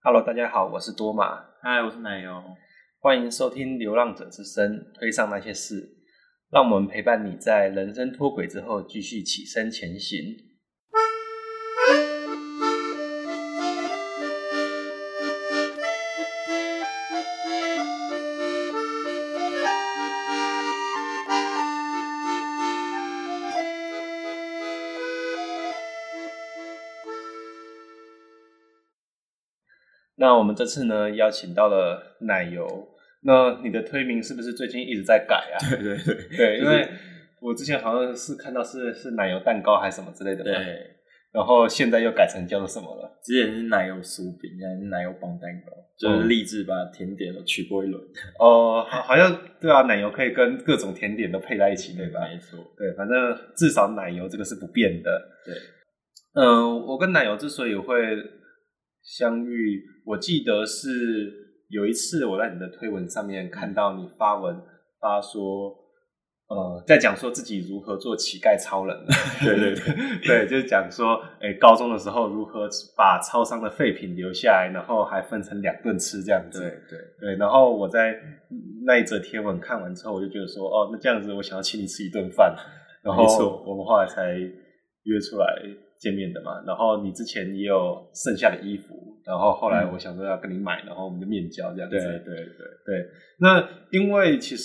哈嘍，大家好，我是多瑪。嗨，我是奶油。歡迎收聽《流浪者之聲》，推上那些事，讓我們陪伴你在人生脫軌之後，繼續起身前行。那我們這次呢邀請到了奶油。那你的推名是不是最近一直在改啊？對對對，對，因、就、為、是、我之前好像是看到是是奶油蛋糕還是什麼之類的吧。對，然後現在又改成叫做什麼了？之前是奶油酥餅，現在是奶油棒蛋糕，嗯、就是勵志把甜點都取過一輪。哦、嗯，好像對啊，奶油可以跟各種甜點都配在一起，對，對吧？沒錯，對，反正至少奶油這個是不變的。對，嗯、呃，我跟奶油之所以會相遇。我記得是有一次我在你的推文上面看到你發文發說，呃，在講說自己如何做乞丐超人， 對對對，對，就是講說，誒、欸、高中的時候如何把超商的廢品留下來，然後還分成兩頓吃這樣子，對對對，然後我在那一則貼文看完之後，我就覺得說，哦，那這樣子我想要請你吃一頓飯，然後我們後來才約出來。見面的嘛，然後你之前也有剩下的衣服，然後後來我想說要跟你買，嗯、然後我們就面交這樣子。對對對對。那因為其實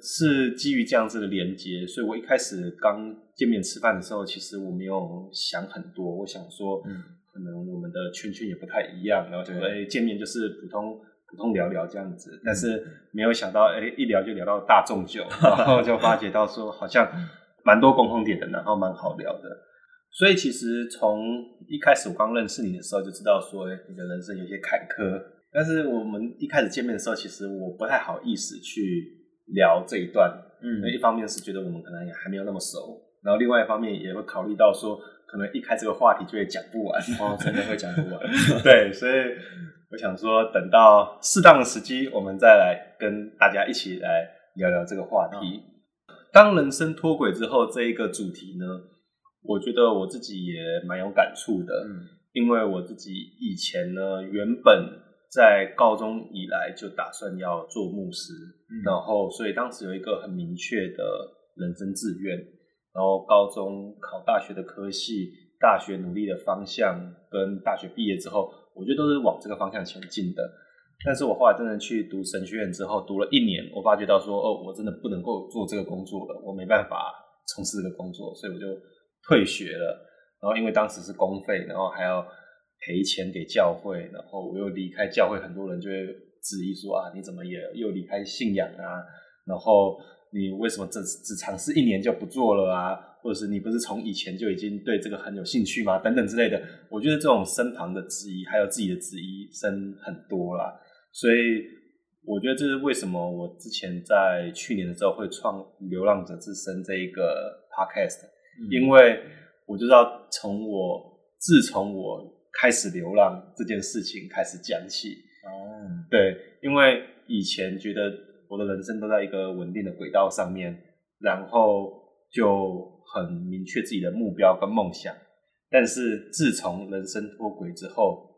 是基於這樣子的連接，所以我一開始剛見面吃飯的時候，其實我沒有想很多，我想說，嗯，可能我們的圈圈也不太一樣，嗯、然後就說哎見面就是普通普通聊聊這樣子，嗯、但是沒有想到哎一聊就聊到大眾酒，然後就發覺到說 好像蠻多共同點的，然後蠻好聊的。所以其實從一開始我剛認識你的時候就知道說你的人生有些坎坷。但是我們一開始見面的時候，其實我不太好意思去聊這一段，嗯，一方面是覺得我們可能也還沒有那麼熟，然後另外一方面也會考慮到說，可能一開這個話題就會講不完，哦，真的會講不完。 對，所以我想說，等到適當的時機，我們再來跟大家一起來聊聊這個話題。嗯，當人生脫軌之後，這一個主題呢？我覺得我自己也蠻有感觸的、嗯，因為我自己以前呢，原本在高中以來就打算要做牧師，嗯、然後所以當時有一個很明確的人生志願，然後高中考大學的科系、大學努力的方向，跟大學畢業之後，我覺得都是往這個方向前進的。但是我後來真的去讀神學院之後，讀了一年，我發覺到說，哦，我真的不能夠做這個工作了，我沒辦法從事這個工作，所以我就。退學了，然後因為當時是公費，然後還要賠錢給教會，然後我又離開教會，很多人就會質疑說：“啊，你怎麼也又離開信仰啊？然後你為什麼只只嘗試一年就不做了啊？或者是你不是從以前就已經對這個很有興趣嗎？等等之類的。”我覺得這種身旁的質疑，還有自己的質疑，聲很多啦。所以我覺得這是為什麼我之前在去年的時候會創《流浪者之聲》這一個 podcast。因為我就知道，從我自從我開始流浪這件事情開始講起哦、嗯，對，因為以前覺得我的人生都在一個穩定的軌道上面，然後就很明確自己的目標跟夢想，但是自從人生脫軌之後，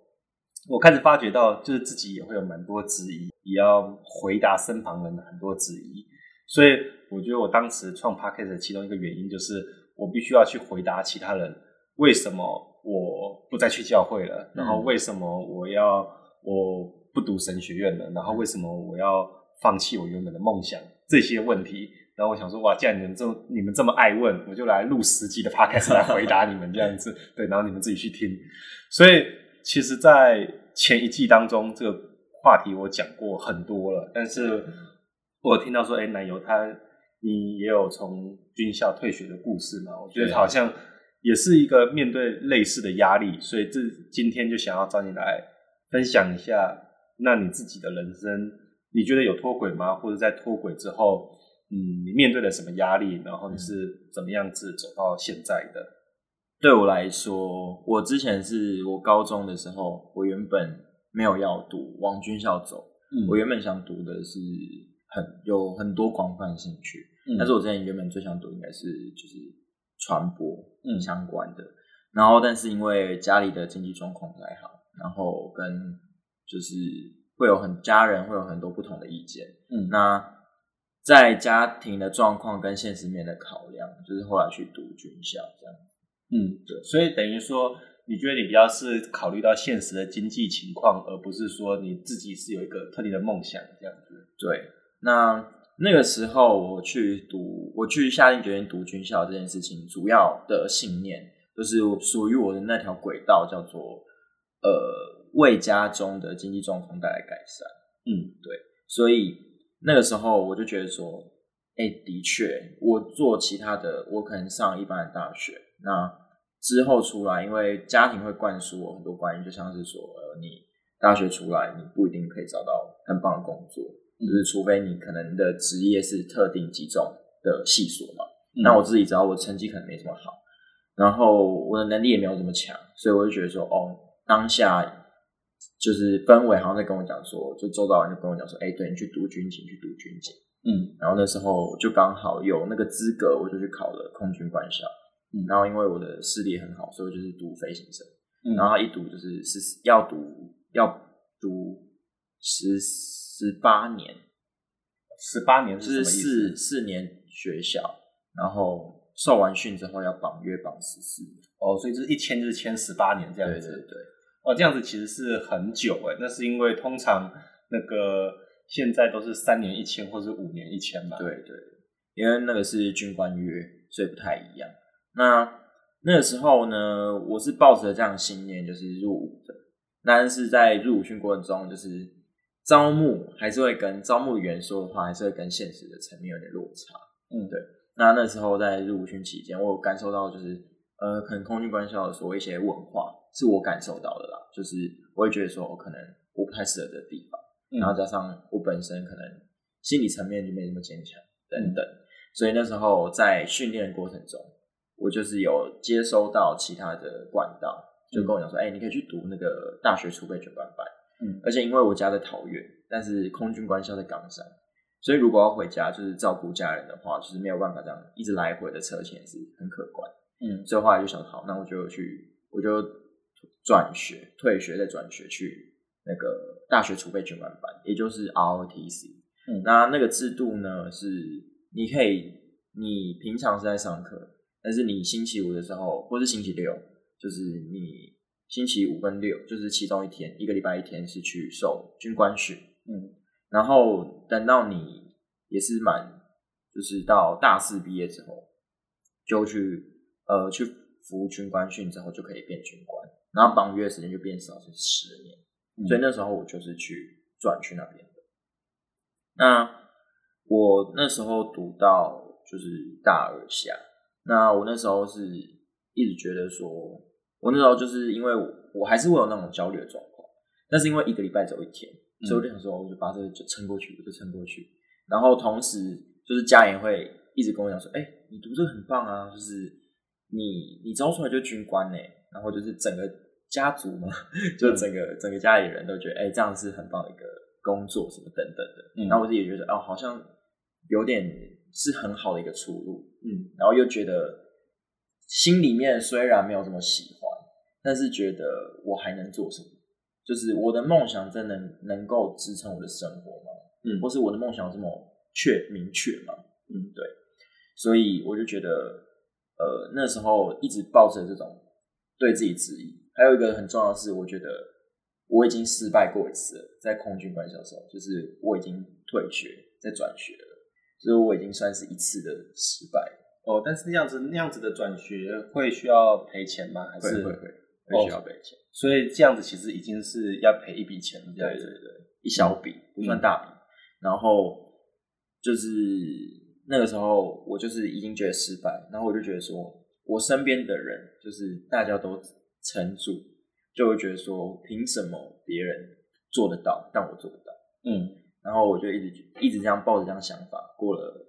我開始發覺到就是自己也會有蠻多質疑，也要回答身旁人的很多質疑，所以我覺得我當時創 podcast 的其中一個原因就是。我必須要去回答其他人為什麼我不再去教會了，然後為什麼我要我不讀神學院了，然後為什麼我要放棄我原本的夢想這些問題。然後我想說，哇，既然你們這麼你們這麼愛問，我就來錄十集的 Podcast 來回答你們這樣子。 對，然後你們自己去聽。所以其實，在前一季當中，這個話題我講過很多了，但是我聽到說，哎、欸，奶油他。你也有從軍校退學的故事嗎？我覺得好像也是一個面對類似的壓力，所以這今天就想要找你來分享一下，那你自己的人生，你覺得有脫軌嗎？或者在脫軌之後，嗯，你面對了什麼壓力？然後你是怎麼樣子走到現在的、嗯？對我來說，我之前是我高中的時候，嗯、我原本沒有要讀，往軍校走、嗯，我原本想讀的是。很有很多廣泛興趣、嗯，但是我之前原本最想讀應該是就是傳播、嗯、相關的。然後，但是因為家裡的經濟狀況不太好，然後跟就是會有很家人會有很多不同的意見。嗯，那在家庭的狀況跟現實面的考量，就是後來去讀軍校這樣。嗯，對。所以等於說，你覺得你比較是考慮到現實的經濟情況，而不是說你自己是有一個特定的夢想這樣子？對。那那個時候，我去讀，我去下定決心讀軍校這件事情，主要的信念就是屬於我的那條軌道叫做，呃，為家中的經濟狀況帶來改善。嗯，對。所以那個時候我就覺得說，哎、欸，的確，我做其他的，我可能上一般的大學，那之後出來，因為家庭會灌輸我很多觀念，就像是說，呃，你大學出來，你不一定可以找到很棒的工作。就是除非你可能你的職業是特定幾種的系數嘛，那我自己，知道我成績可能沒這麼好，然後我的能力也沒有這麼強，所以我就覺得說，哦，當下就是氛圍，好像在跟我講說，就周遭人就跟我講說，哎、欸，對你去讀軍警，去讀軍警，嗯，然後那時候就剛好有那個資格，我就去考了空軍官校，嗯，然後因為我的視力很好，所以我就是讀飛行生，嗯，然後一讀就是是要讀要讀十。十八年，十八年是什麼意思？就是、四四年學校，然後受完訓之後要綁約綁十四年哦，所以就是一簽就是簽十八年這樣子，對，對，對哦，這樣子其實是很久誒、欸嗯、那是因為通常那個現在都是三年一簽或是五年一簽嘛，對，對對，因為那個是軍官約，所以不太一樣。那那個時候呢，我是抱着這樣信念就是入伍的，但是在入伍訓過程中就是。招募還是會跟招募員說的話，還是會跟現實的層面有點落差。嗯，對。那那時候在入伍訓期間，我感受到，就是呃，可能空軍官校的所謂一些文化，是我感受到的啦。就是我也覺得說，我、哦、可能我不太適合的地方、嗯。然後加上我本身可能心理層面就沒那麼堅強，等等、嗯。所以那時候在訓練過程中，我就是有接收到其他的管道，就跟我講說：“哎、嗯欸，你可以去讀那個大學儲備軍官班。”嗯，而且因為我家在桃園，但是空軍官校在岡山，所以如果要回家就是照顧家人的話，就是沒有辦法這樣一直來回的車錢是很可觀。嗯，所以後來就想，好，那我就去，我就轉學、退學再轉學去那個大學儲備軍官班，也就是 ROTC。嗯，那那個制度呢，是你可以，你平常是在上課，但是你星期五的時候或是星期六，就是你。星期五跟六就是其中一天，一個禮拜一天是去受軍官訓，嗯，然後等到你也是滿，就是到大四畢業之後，就去呃去服務軍官訓之後就可以變軍官，然後綁約時間就變少，是十年，嗯，所以那時候我就是去轉去那邊的。那我那時候讀到就是大二下，那我那時候是一直覺得說。我那時候就是因為我，我還是會有那種焦慮的狀況，但是因為一個禮拜走一天，所以我就想說，我就把這個就撐過去，我、嗯、就撐過去。然後同時就是家人會一直跟我講說：“哎、欸，你讀這很棒啊，就是你你招出來就軍官呢、欸。”然後就是整個家族嘛、嗯，就整個整個家裡人都覺得：“哎、欸，這樣是很棒的一個工作什麼等等的。嗯”然後我自己覺得哦，好像有點是很好的一個出路，嗯。然後又覺得心裡面雖然沒有什麼喜。但是覺得我還能做什麼？就是我的夢想真的能夠支撐我的生活嗎？嗯，或是我的夢想這麼確明確嗎？嗯，對。所以我就覺得，呃，那時候一直抱着這種對自己質疑。還有一個很重要的是，我覺得我已經失敗過一次了，在空軍官校時候，就是我已經退學在轉學了，所以我已經算是一次的失敗。哦，但是那樣子那樣子的轉學會需要賠錢嗎？還是會會。對對對需要賠錢，oh, 所以這樣子其實已經是要賠一筆錢，對對對，一小筆、嗯、不算大筆。然後就是那個時候，我就是已經覺得失敗，然後我就覺得說，我身邊的人就是大家都撐住，就會覺得說，憑什麼別人做得到，但我做不到？嗯。然後我就一直一直這樣抱着這樣想法，過了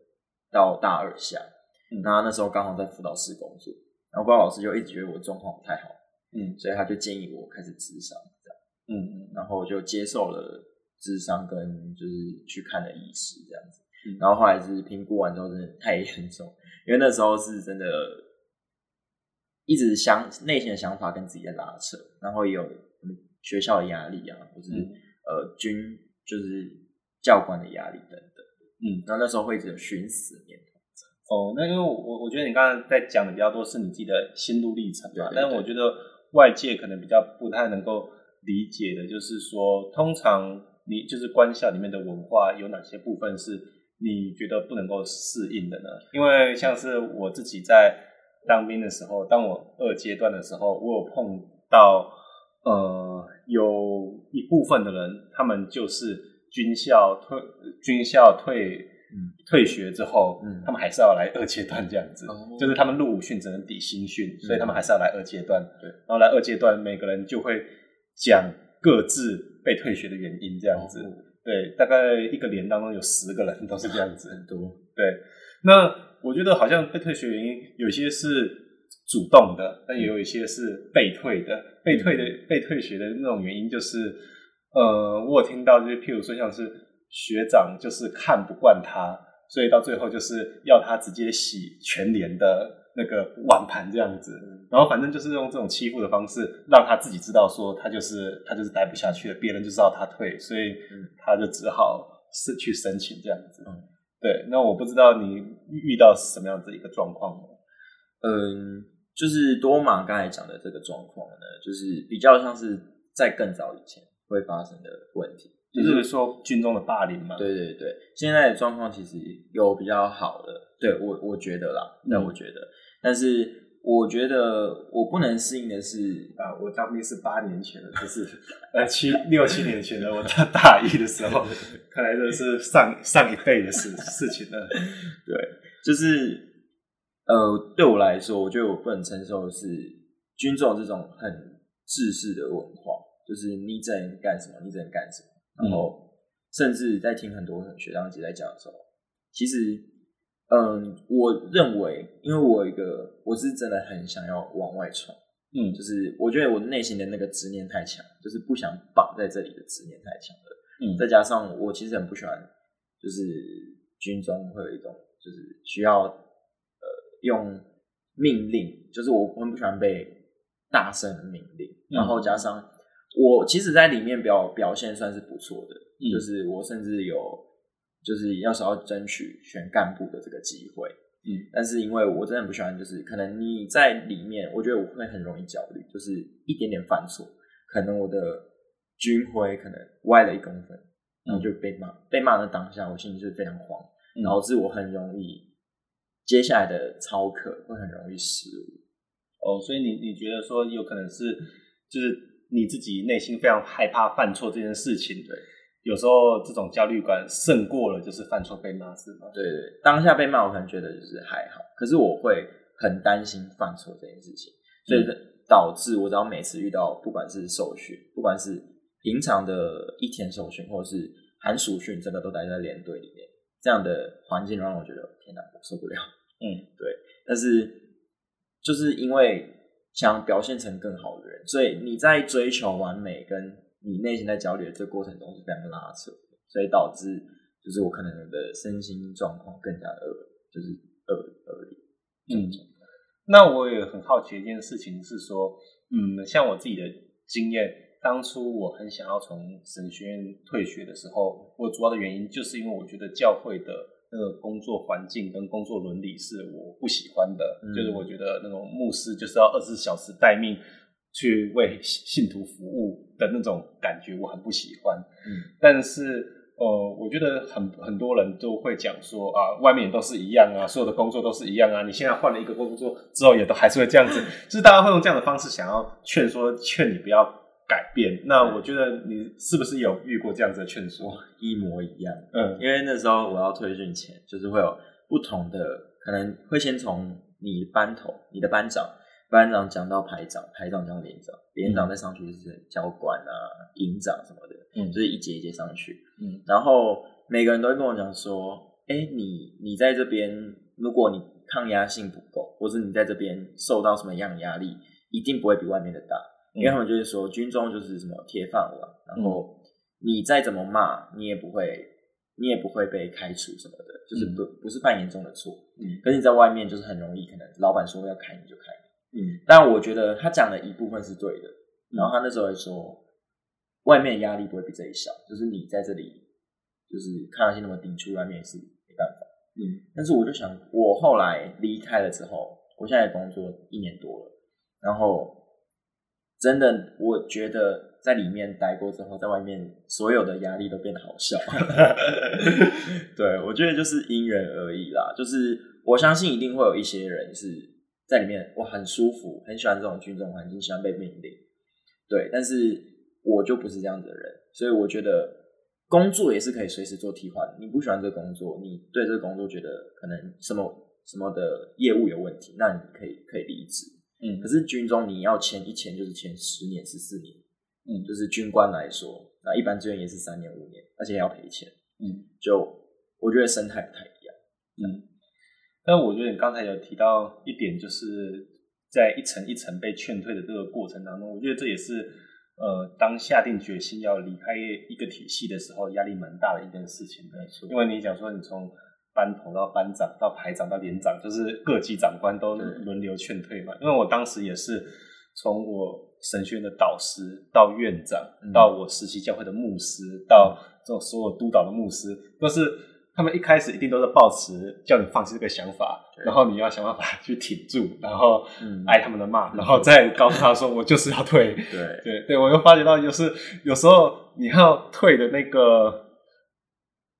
到大二下，然、嗯、後那時候剛好在輔導室工作，然後包老師就一直覺得我狀況不太好。嗯，所以他就建議我開始諮商這樣，嗯嗯，然後就接受了諮商跟就是去看的醫師這樣子，嗯，然後後來就是評估完之後，真的太嚴重，因為那時候是真的一直想內心的想法跟自己在拉扯，然後也有學校的壓力啊，或是、嗯、呃軍就是教官的壓力等等，嗯，然後那時候會只有尋死念頭，哦，那因為我我覺得你剛才在講的比較多是你自己的心路歷程吧，對，對，但是我覺得。外界可能比較不太能夠理解的，就是說，通常你就是官校裡面的文化有哪些部分是你覺得不能夠適應的呢？因為像是我自己在當兵的時候，當我二階段的時候，我有碰到呃有一部分的人，他們就是軍校退軍校退。嗯、退學之後、嗯，他們還是要來二階段這樣子、嗯哦，就是他們入伍訓只能抵新訓、哦，所以他們還是要來二階段、嗯。對，然後來二階段，每個人就會講各自被退學的原因這樣子。哦哦、對，大概一個連當中有十個人都是這樣子。很、哦、多、哦、對，那我覺得好像被退學原因有些是主動的，嗯、但也有一些是被退的。嗯、被退的被退學的那種原因就是，嗯、呃，我有聽到這些譬如說像是。學長就是看不慣他，所以到最後就是要他直接洗全連的那個碗盤這樣子，然後反正就是用這種欺負的方式讓他自己知道說他就是他就是待不下去了，別人就知道他退，所以他就只好是去申請這樣子。對，那我不知道你遇到什麼樣子一個狀況呢？嗯，就是多瑪剛才講的這個狀況呢，就是比較像是在更早以前會發生的問題。就是說軍中的霸凌嘛？對對對，現在的狀況其實有比較好的，對我我覺得啦，那、嗯、我覺得，但是我覺得我不能適應的是、嗯、啊，我當兵是八年前了，就是呃七六七年前了， 我在大，大一的時候，看來這是上 上一輩的事 事情了。對，就是呃，對我來說，我覺得我不能承受的是軍中這種很制式的文化，就是你在幹什麼，你在幹什麼。然後，甚至在聽很多學長姐在講的時候，其實，嗯，我認為，因為我一個我是真的很想要往外衝，嗯，就是我覺得我內心的那個執念太強，就是不想綁在這裡的執念太強了，嗯，再加上我其實很不喜歡，就是軍中會有一種就是需要，呃，用命令，就是我我很不喜歡被大聲的命令，嗯，然後加上。我其實在裡面表表現算是不錯的，嗯，就是我甚至有就是要想要爭取選幹部的這個機會，嗯，但是因為我真的不喜歡，就是可能你在裡面，我覺得我會很容易焦慮，就是一點點犯錯，可能我的軍徽可能歪了一公分，然後就被罵，嗯，被罵的當下，我心裡就是非常慌，導、嗯、致我很容易接下來的操課會很容易失誤。哦，所以你你覺得說有可能是就是。你自己內心非常害怕犯錯這件事情，對，有時候這種焦慮感勝過了就是犯錯被罵，是嗎？對，當下被罵，我可能覺得就是還好，可是我會很擔心犯錯這件事情，所、嗯、以、就是、導致我只要每次遇到，不管是受訓，不管是平常的一天受訓，或是寒暑訓，真的都待在連隊裡面，這樣的環境讓我覺得天哪，我受不了。嗯，對，但是就是因為。想表現成更好的人，所以你在追求完美跟你內心在焦慮的這過程中是非常拉扯的，所以導致就是我可能的身心狀況更加的惡，就是惡惡劣，劣。嗯。那我也很好奇一件事情是說，嗯，像我自己的經驗，當初我很想要從神學院退學的時候，我主要的原因就是因為我覺得教會的。那個工作環境跟工作倫理是我不喜歡的。嗯，就是我覺得那種牧師就是要二十四小時待命去為信徒服務的那種感覺，我很不喜歡。嗯、但是呃，我覺得很很多人都會講說啊，外面也都是一樣啊，所有的工作都是一樣啊，你現在換了一個工作之後也都還是會這樣子， 就是大家會用這樣的方式想要勸說勸你不要。改變，那我覺得你是不是有遇過這樣子的勸說？一模一樣。嗯，因為那時候我要退訓前就是會有不同的，可能會先從你班頭、你的班長、班長講到排長、排長講到連長、連長再上去就是教官啊、營長什麼的，嗯，就是一節一節上去，嗯，然後每個人都會跟我講說，哎、欸，你你在這邊，如果你抗壓性不夠，或者你在這邊受到什麼樣的壓力，一定不會比外面的大。因為他們就是說，軍中就是什麼鐵飯碗、嗯，然後你再怎麼罵，你也不會，你也不會被開除什麼的，就是不、嗯、不是犯嚴重的錯。嗯，可是你在外面就是很容易，可能老闆說要開你就開。嗯，但我覺得他講的一部分是對的。嗯、然後他那時候還說，外面壓力不會比這裡小，就是你在這裡就是看上去那麼頂，出外面也是沒辦法。嗯，但是我就想，我後來離開了之後，我現在工作一年多了，然後。真的，我覺得在裡面待過之後，在外面所有的壓力都變得好笑。 對，我覺得就是因人而異啦。就是我相信一定會有一些人是在裡面我很舒服，很喜歡這種軍中環境，喜歡被命令。對，但是我就不是這樣子的人，所以我覺得工作也是可以隨時做替換。你不喜歡這個工作，你對這個工作覺得可能什麼什麼的業務有問題，那你可以可以離職。嗯，可是軍中你要簽一簽就是簽十年十四年，嗯，就是軍官來說，那一般志願也是三年五年，而且要賠錢，嗯，就我覺得生態不太一樣，嗯，但我覺得你剛才有提到一點，就是在一層一層被勸退的這個過程當中，我覺得這也是呃當下定決心要離開一個體系的時候，壓力蠻大的一件事情，沒、嗯、錯，因為你講說你從。班頭到班長到排長到連長，就是各級長官都輪流勸退嘛。因為我當時也是從我神學院的導師到院長，到我實習教會的牧師，到這種所有督導的牧師，都是他們一開始一定都是抱持叫你放棄這個想法，然後你要想辦法去挺住，然後挨他們的罵，然後再告訴他說我就是要退。 對對對，對對，我又發覺到就是有時候你要退的那個。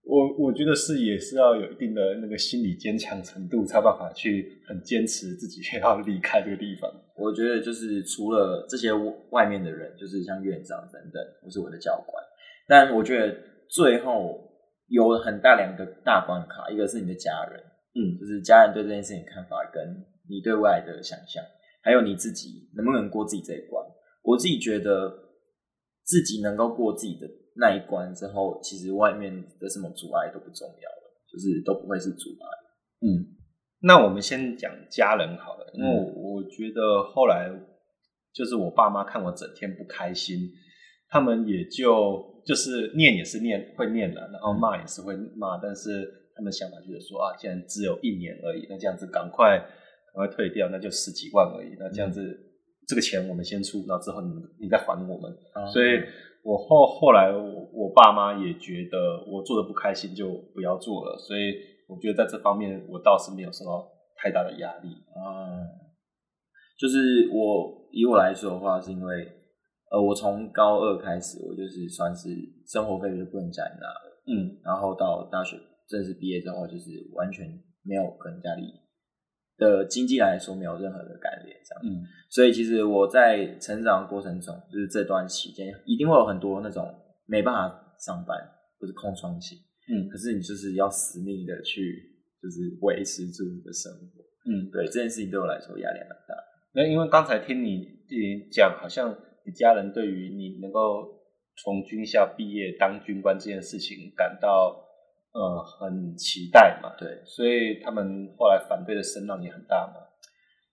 我我覺得是也是要有一定的那個心理堅強程度，才有辦法去很堅持自己要離開這個地方。我覺得就是除了這些外面的人，就是像院長等等，我、就是我的教官，但我覺得最後有很大兩個大關卡，一個是你的家人，嗯，就是家人對這件事情看法跟你對外的想象，還有你自己能不能過自己這一關。我自己覺得自己能夠過自己的那一關之後，其實外面的什麼阻礙都不重要了，就是都不會是阻礙。嗯，那我們先講家人好了、嗯，因為我覺得後來就是我爸媽看我整天不開心，他們也就就是念也是念會念的，然後罵也是會罵、嗯，但是他們想法就是說啊，既然只有一年而已，那這樣子趕快趕快退掉，那就十幾萬而已，那這樣子這個錢我們先出，那之後你你再還我們，嗯、所以。我後後來我，我我爸媽也覺得我做的不開心，就不要做了。所以我覺得在這方面，我倒是沒有什麼太大的壓力。嗯，就是我以我來說的話，是因為呃，我從高二開始，我就是算是生活費就不能再拿了。嗯，然後到大學正式畢業之後，就是完全沒有跟家裡。的經濟來說沒有任何的改變，這樣，嗯，所以其實我在成長的過程中，就是這段期間，一定會有很多那種沒辦法上班或者，空窗期，嗯，可是你就是要死命的去，就是維持住你的生活，嗯，對，這件事情對我來說壓力很大。那因為剛才聽你自己講，好像你家人對於你能夠從軍校畢業當軍官這件事情感到。呃，很期待嘛，對，所以他們後來反對的聲浪也很大嘛。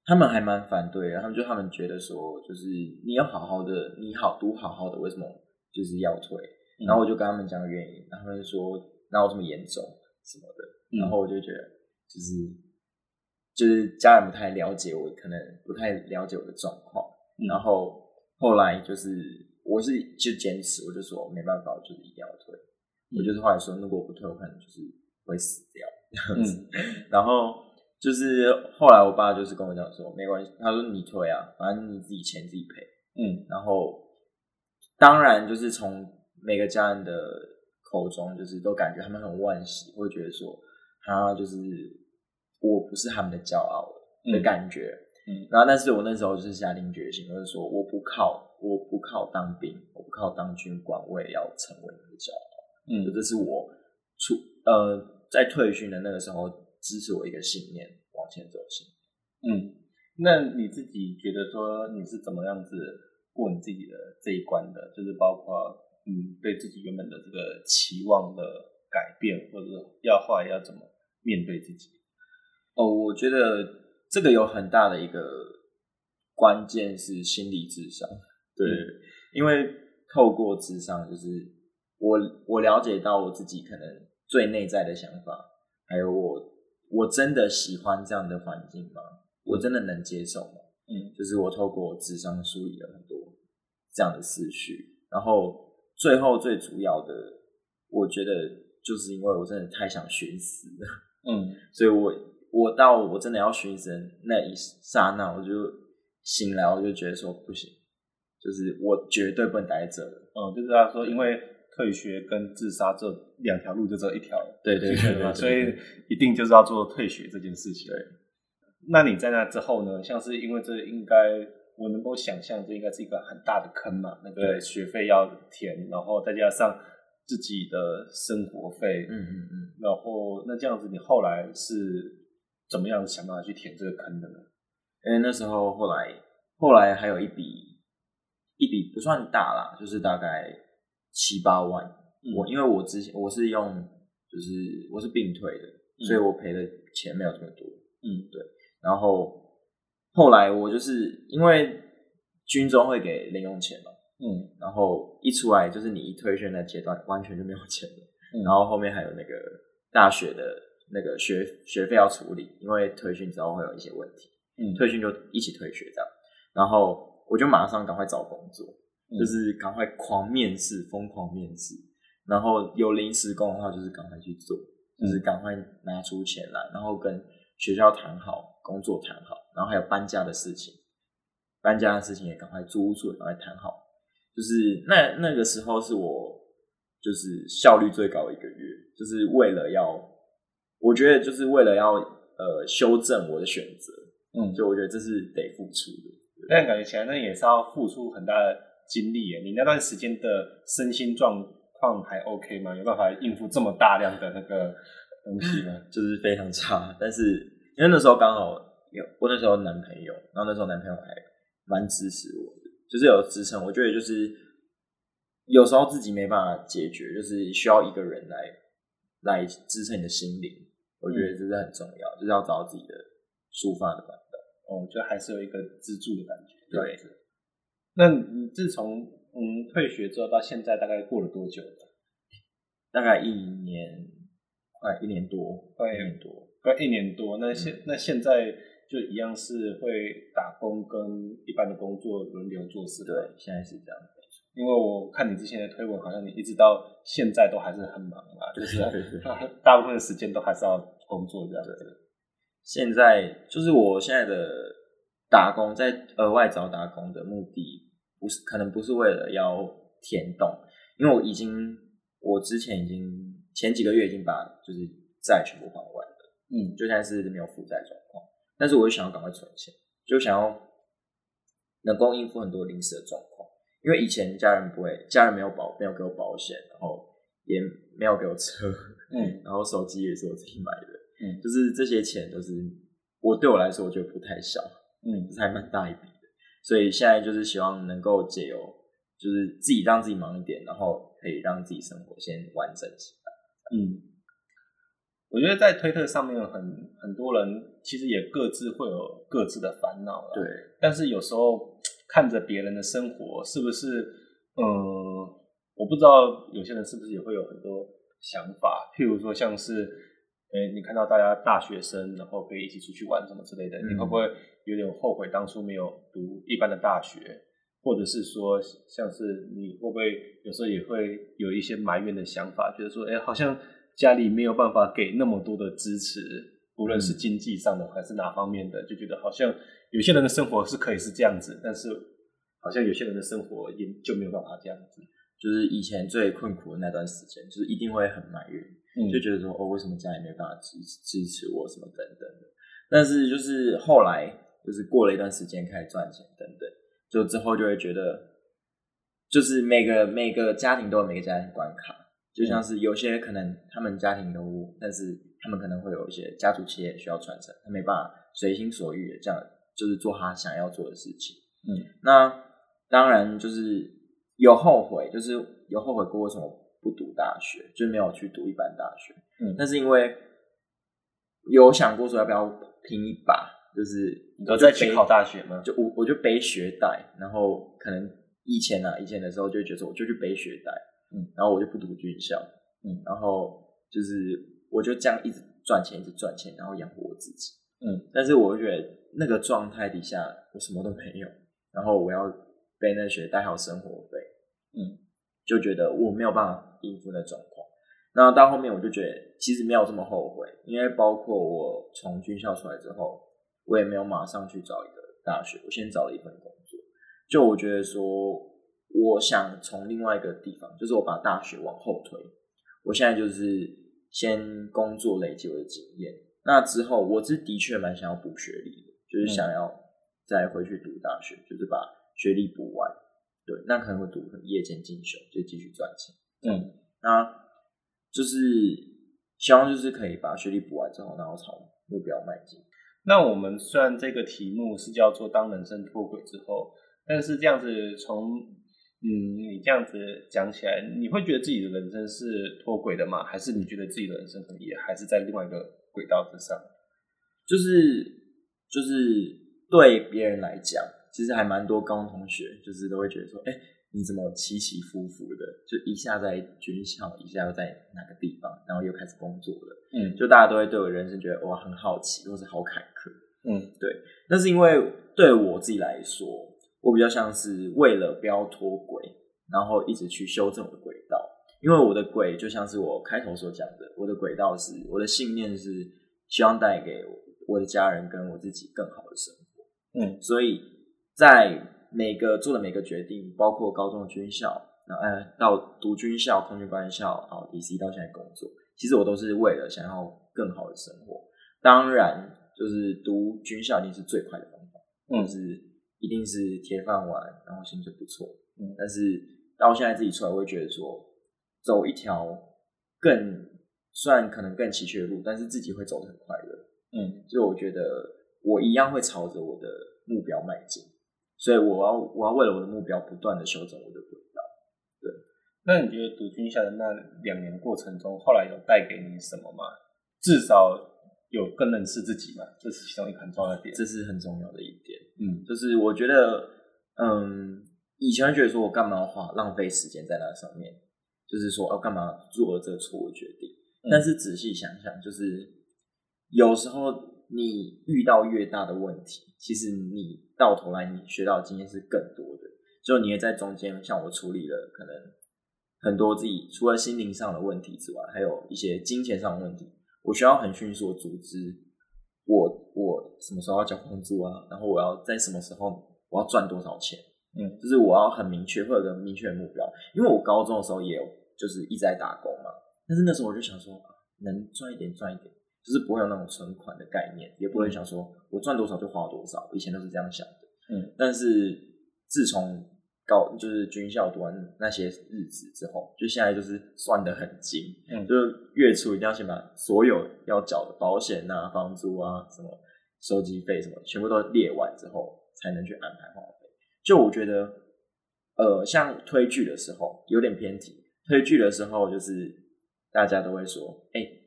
他們還蠻反對的，然後就他們覺得說，就是你要好好的，你好讀好好的，為什麼就是要退？嗯、然後我就跟他們講原因，然後他們說那我這麼嚴重什麼的、嗯，然後我就覺得就是、嗯、就是家人不太了解我，可能不太了解我的狀況、嗯。然後後來就是我是就堅持，我就說沒辦法，就一定要退。我就是後來說，如果我不退，我可能就是會死掉這樣子。嗯、然後就是後來，我爸就是跟我講說，沒關係，他說你退啊，反正你自己錢自己賠。嗯，然後當然就是從每個家人的口中，就是都感覺他們很惋惜，會覺得說他就是我不是他們的驕傲的，的感覺嗯。嗯，然後但是我那時候就是下定決心，就是說我不靠，我不靠當兵，我不靠當軍官，我也要成為你的驕傲。嗯，這、就是我出呃，在退訓的那個時候，支持我一個信念往前走嗯，那你自己覺得說你是怎麼樣子過你自己的這一關的？就是包括嗯，對自己原本的這個期望的改變，或者要後來要怎麼面對自己？哦，我覺得這個有很大的一個關鍵，是心理智商。對、嗯，因為透過智商就是。我我了解到我自己可能最內在的想法，還有我我真的喜歡這樣的環境嗎？我真的能接受嗎？嗯，就是我透過我諮商梳理了很多這樣的思緒，然後最後最主要的，我覺得就是因為我真的太想尋死了，嗯， 所以我我到我真的要尋死的那一剎那，我就醒來，我就覺得說不行，就是我絕對不能待這，嗯，就是他說因為。退學跟自殺這兩條路就只有一條，對對對，對， 所以一定就是要做退學這件事情。那你在那之後呢？像是因為這應該我能夠想象，這應該是一個很大的坑嘛？那個學費要填，然後再加上自己的生活費，嗯嗯嗯，然後那這樣子，你後來是怎麼樣想辦法去填這個坑的呢？因為那時候後來後來還有一筆，一筆不算大啦，就是大概。七八萬、嗯，我因為我之前我是用，就是我是病退的、嗯，所以我賠的錢沒有這麼多。嗯，對。然後後來我就是因為軍中會給零用錢嘛，嗯。然後一出來就是你一退訓的階段，完全就沒有錢了、嗯。然後後面還有那個大學的那個學學費要處理，因為退訓之後會有一些問題。嗯，退訓就一起退學這樣。然後我就馬上趕快找工作。就是趕快狂面試，嗯、瘋狂面試，然後有臨時工的話，就是趕快去做，嗯、就是趕快拿出錢來，然後跟學校談好，工作談好，然後還有搬家的事情，搬家的事情也趕快租屋處趕快談好。就是那那個時候是我就是效率最高的一個月，就是為了要，我覺得就是為了要呃修正我的選擇，嗯，就我覺得這是得付出的，但感覺錢那也是要付出很大的。經歷耶，你那段時間的身心狀況還 OK 嗎？有辦法應付這麼大量的那個東西嗎？ 就是非常差，但是因為那時候剛好有我那時候男朋友，然後那時候男朋友還蠻支持我的，就是有支撐。我覺得就是有時候自己沒辦法解決，就是需要一個人來來支撐你的心靈。我覺得這是很重要，嗯、就是要找到自己的抒發的管道。哦，我覺得還是有一個支柱的感覺，對。對那你自從嗯退學之後到現在大概過了多久了？大概一年，快、哎、一,一年多，一年多，快一年多。那現、嗯、那現在就一樣是會打工跟一般的工作輪流做事。對，現在是這樣的。因為我看你之前的推文，好像你一直到現在都還是很忙嘛，對就是、啊、對對對 大部分的時間都還是要工作這樣子的。現在就是我現在的打工，在額外找打工的目的。不是，可能不是為了要填洞，因為我已經，我之前已經前幾個月已經把就是債全部還完了。嗯，就現在是沒有負債狀況，但是我又想要趕快存錢，就想要能夠應付很多臨時的狀況，因為以前家人不會，家人沒有保，沒有給我保險，然後也沒有給我車，嗯，然後手機也是我自己買的，嗯，就是這些錢都是我對我來說，我覺得不太小，嗯，是還蠻大一筆。所以現在就是希望能夠解憂，就是自己讓自己忙一點，然後可以讓自己生活先完整起來。嗯，我覺得在推特上面很很多人其實也各自會有各自的煩惱。對，但是有時候看着別人的生活，是不是？嗯，我不知道有些人是不是也會有很多想法，譬如說像是。哎，你看到大家大學生，然後可以一起出去玩什麼之類的，你會不會有點後悔當初沒有讀一般的大學？或者是說，像是你會不會有時候也會有一些埋怨的想法，覺得說，哎，好像家裡沒有辦法給那麼多的支持，不論是經濟上的還是哪方面的，就覺得好像有些人的生活是可以是這樣子，但是好像有些人的生活也就沒有辦法這樣子。就是以前最困苦的那段時間，就是一定會很埋怨。就覺得說，哦，為什麼家裡沒有辦法支支持我什麼等等的，但是就是後來就是過了一段時間開始賺錢等等，就之後就會覺得，就是每個每個家庭都有每個家庭關卡，就像是有些可能他們家庭都，但是他們可能會有一些家族企業需要傳承，他沒辦法隨心所欲的這樣就是做他想要做的事情。嗯，那當然就是有後悔，就是有後悔過為什麼。不讀大學，就沒有去讀一般大學。嗯，但是因為有想過說要不要拼一把，就是我就背在背考大學嗎？就我我就背學貸，然後可能以前啊，以前的時候就覺得，我就去背學貸，嗯，然後我就不讀軍校，嗯，然後就是我就這樣一直賺錢，一直賺錢，然後養活我自己，嗯。但是我覺得那個狀態底下，我什麼都沒有，然後我要背那學貸好生活費，嗯。就覺得我沒有辦法應付那種狀況，那到後面我就覺得其實沒有這麼後悔，因為包括我從軍校出來之後，我也沒有馬上去找一個大學，我先找了一份工作。就我覺得說，我想從另外一個地方，就是我把大學往後推，我現在就是先工作累積我的經驗。那之後我是的確蠻想要補學歷的，就是想要再回去讀大學，就是把學歷補完。對，那可能會讀夜間進修，就繼續賺錢。嗯，那就是希望就是可以把學歷補完之後，然後朝目標邁進。那我們雖然這個題目是叫做當人生脫軌之後，但是這樣子從嗯，你這樣子講起來，你會覺得自己的人生是脫軌的嗎？還是你覺得自己的人生可能也還是在另外一個軌道之上？就是就是對別人來講。其實還蠻多高中同學，就是都會覺得說，哎，你怎麼起起伏伏的？就一下在軍校，一下又在哪個地方，然後又開始工作了。嗯，就大家都會對我人生覺得哇很好奇，或是好坎坷。嗯，對。那是因為對我自己來說，我比較像是為了不要脫軌，然後一直去修正我的軌道。因為我的軌就像是我開頭所講的，我的軌道是，我的信念是，希望帶給我的家人跟我自己更好的生活。嗯，所以。在每個做的每個決定，包括高中的軍校，然後、嗯、到讀軍校、空軍官校，好，以 C 到現在工作，其實我都是為了想要更好的生活。當然，就是讀軍校一定是最快的方法，嗯，是一定是鐵飯碗，然後薪水不錯，嗯。但是到現在自己出來，會覺得說走一條更算可能更崎嶇的路，但是自己會走得很快樂，嗯。所以我覺得我一樣會朝着我的目標邁進。所以我要，我要為了我的目標不斷的修正我的軌道，對。那你覺得讀軍校的那兩年過程中，後來有帶給你什麼嗎？至少有更認識自己嘛、嗯，這是其中一個很重要的點，這是很重要的一點。嗯，就是我覺得，嗯，以前會覺得說我幹嘛要花浪費時間在那上面，就是說哦幹嘛做了這個錯誤決定、嗯，但是仔細想想，就是有時候。你遇到越大的問題，其實你到頭來你學到的經驗是更多的。就你也在中間，像我處理了可能很多自己除了心靈上的問題之外，還有一些金錢上的問題。我需要很迅速的組織我，我什麼時候要交房租啊？然後我要在什麼時候我要賺多少錢？嗯，就是我要很明確，會有一個明確的目標。因為我高中的時候也有就是一直在打工嘛，但是那時候我就想說，啊，能賺一點賺一點。就是不會有那種存款的概念，也不會想說我賺多少就花多少。以前都是這樣想的。嗯。但是自從高就是軍校讀完那些日子之後，就現在就是算得很精。嗯。就是、月初一定要先把所有要繳的保險啊、房租啊、什麼手機費什麼，全部都列完之後，才能去安排花費。就我覺得，呃，像推劇的時候有點偏題。推劇的時候，就是大家都會說，哎、欸。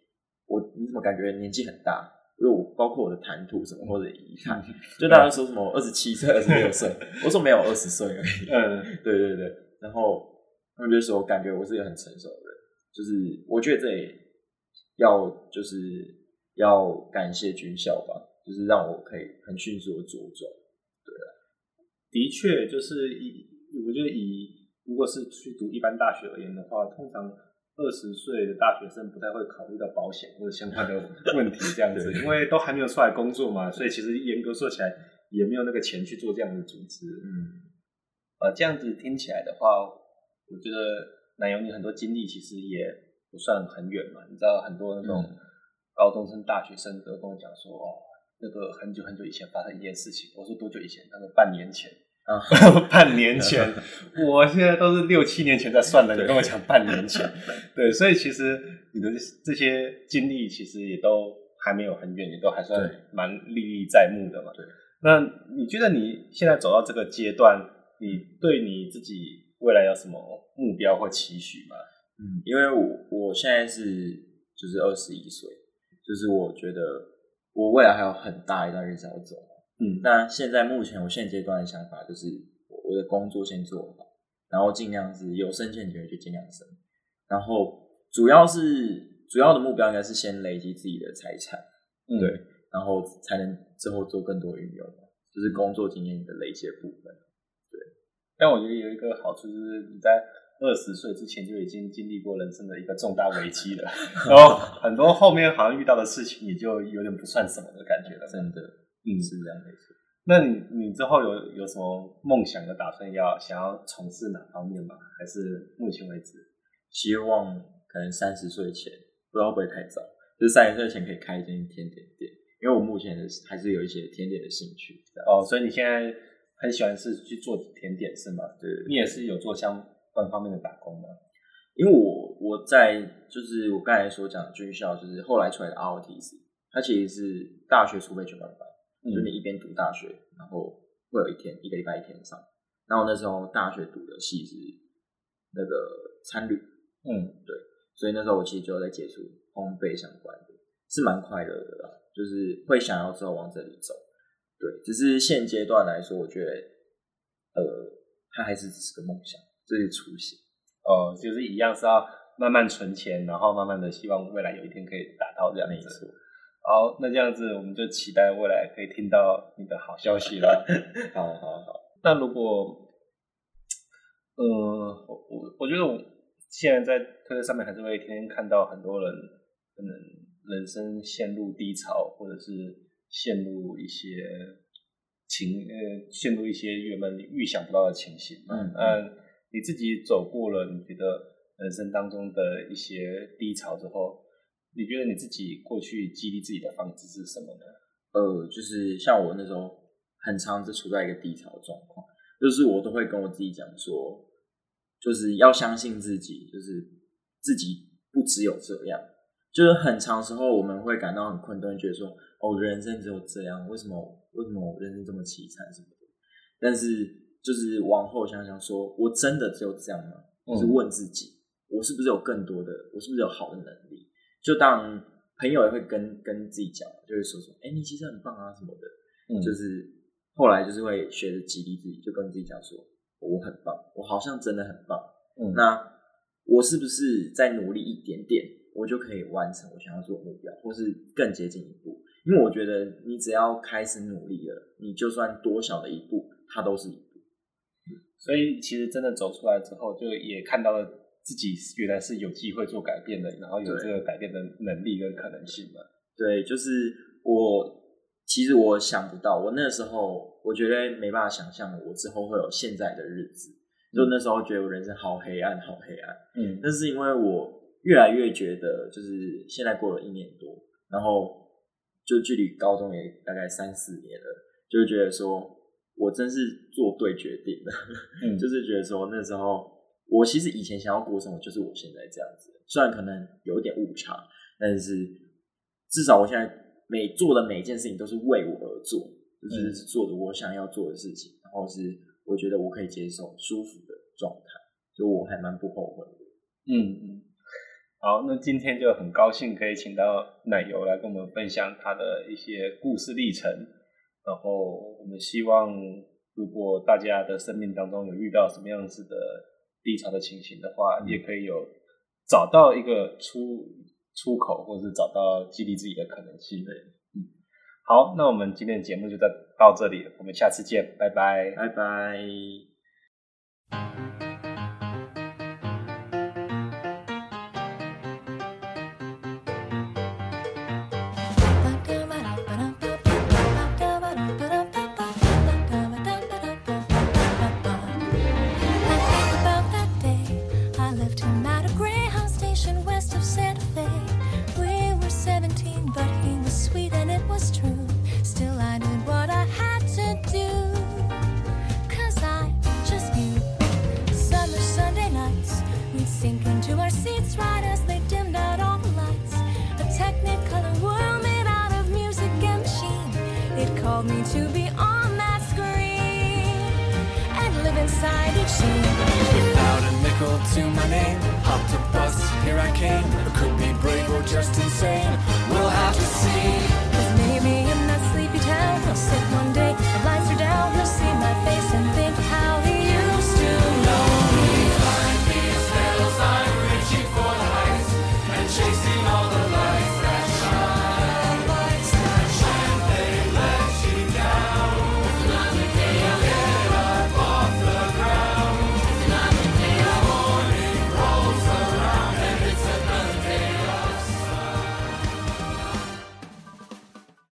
我你怎麼感覺年紀很大？因為我包括我的談吐什麼或者遺憾，就大家說什麼二十七歲、二十六歲， 我說沒有二十歲而已。 嗯，對對對。然後他們就說感覺我是一個很成熟的人，就是我覺得這也要就是要感謝軍校吧，就是讓我可以很迅速的茁壯。對了、啊，的確就是以我覺得以如果是去讀一般大學而言的話，通常。二十歲的大學生不太會考慮到保險或者相關的問題這樣子， 因為都還沒有出來工作嘛，所以其實嚴格說起來也沒有那個錢去做這樣的組織。嗯，這樣子聽起來的話，我覺得奶油你很多經歷其實也不算很遠嘛。你知道很多那種高中生，嗯、大學生都跟我講說，哦，那、這個很久很久以前發生一件事情。我說多久以前？他、那、說、個、半年前。啊， 半年前，我現在都是六七年前在算的。你跟我講半年前，對，所以其實你的這些經歷其實也都還沒有很遠，也都還算蠻歷歷在目的嘛。對，那你覺得你現在走到這個階段，你對你自己未來有什麼目標或期許嗎？嗯，因為我我現在是就是二十一歲，就是我覺得我未來還有很大一段日子要走。嗯，那現在目前我現階段的想法就是，我的工作先做好，然後盡量是有升遷機會就盡量升，然後主要是主要的目標應該是先累積自己的財產，嗯，對，然後才能之後做更多運用，就是工作經驗的累積部分。對，但我覺得有一個好處就是你在二十歲之前就已經經歷過人生的一個重大危機了， 然後很多後面好像遇到的事情你就有點不算什麼的感覺了，真的。嗯，是這樣沒錯。那你你之後有有什麼夢想的打算要？要想要從事哪方面嗎？還是目前為止希望可能三十歲前，不知道會不會太早，就三十歲前可以開一間甜點店。因為我目前還是有一些甜點的興趣。哦，所以你現在很喜歡是去做甜點是嗎？對、就是，你也是有做相關方面的打工嗎？因為我我在就是我剛才所講的軍校，就是後來出來的 ROTC，它其實是大學儲備軍官班。嗯、就你一邊讀大學，然後會有一天一個禮拜一天上，然後那時候大學讀的系是那個餐旅，嗯，對，所以那時候我其實就在接觸烘焙相關的，是蠻快樂的啦，就是會想要之後往這裡走，對，只是現階段來說，我覺得，呃，它還是只是個夢想，這、就是初心，呃，就是一樣是要慢慢存錢，然後慢慢的希望未來有一天可以達到這樣的一步。好，那這樣子，我們就期待未來可以聽到你的好消息了。好，好，好，好。那如果，呃，我，我，我覺得，我現在在推特上面還是會天天看到很多人，可能人生陷入低潮，或者是陷入一些情，呃，陷入一些原本你預想不到的情形。嗯，嗯、啊，你自己走過了，你覺得人生當中的一些低潮之後。你覺得你自己過去激勵自己的方式是什麼呢？呃，就是像我那時候很常就處在一個低潮狀況，就是我都會跟我自己講說，就是要相信自己，就是自己不只有這樣。就是很常的時候我們會感到很困頓，覺得說，哦，人生只有這樣，為什麼？為什麼我人生這麼淒慘？什麼的？但是就是往後想想說，說我真的只有這樣嗎？嗯，就是問自己，我是不是有更多的？我是不是有好的能力？就當朋友也會跟跟自己講，就會說說哎、欸，你其實很棒啊，什麼的。嗯、就是後來就是會學着激勵自己，就跟自己講說，我很棒，我好像真的很棒、嗯。那我是不是再努力一點點，我就可以完成我想要做的目標，或是更接近一步？因為我覺得你只要開始努力了，你就算多小的一步，它都是一步。嗯、所以其實真的走出來之後，就也看到了。自己原來是有機會做改變的，然後有這個改變的能力跟可能性的。對，就是我其實我想不到，我那時候我覺得沒辦法想象我之後會有現在的日子。就那時候覺得我人生好黑暗，好黑暗。嗯，但是因為我越來越覺得，就是現在過了一年多，然後就距離高中也大概三四年了，就覺得說我真是做對決定了。嗯， 就是覺得說那時候。我其實以前想要過生活，就是我現在這樣子，雖然可能有一點誤差，但是至少我現在每做的每件事情都是為我而做，就是做着我想要做的事情，嗯、然後是我覺得我可以接受、舒服的狀態，所以我還蠻不後悔的。嗯嗯，好，那今天就很高興可以請到奶油來跟我們分享他的一些故事歷程，然後我們希望如果大家的生命當中有遇到什麼樣子的異常的情形的話，也可以有找到一個出出口，或者是找到激勵自己的可能性的。嗯，好，那我們今天的節目就到到這裡，我們下次見，拜拜，拜拜。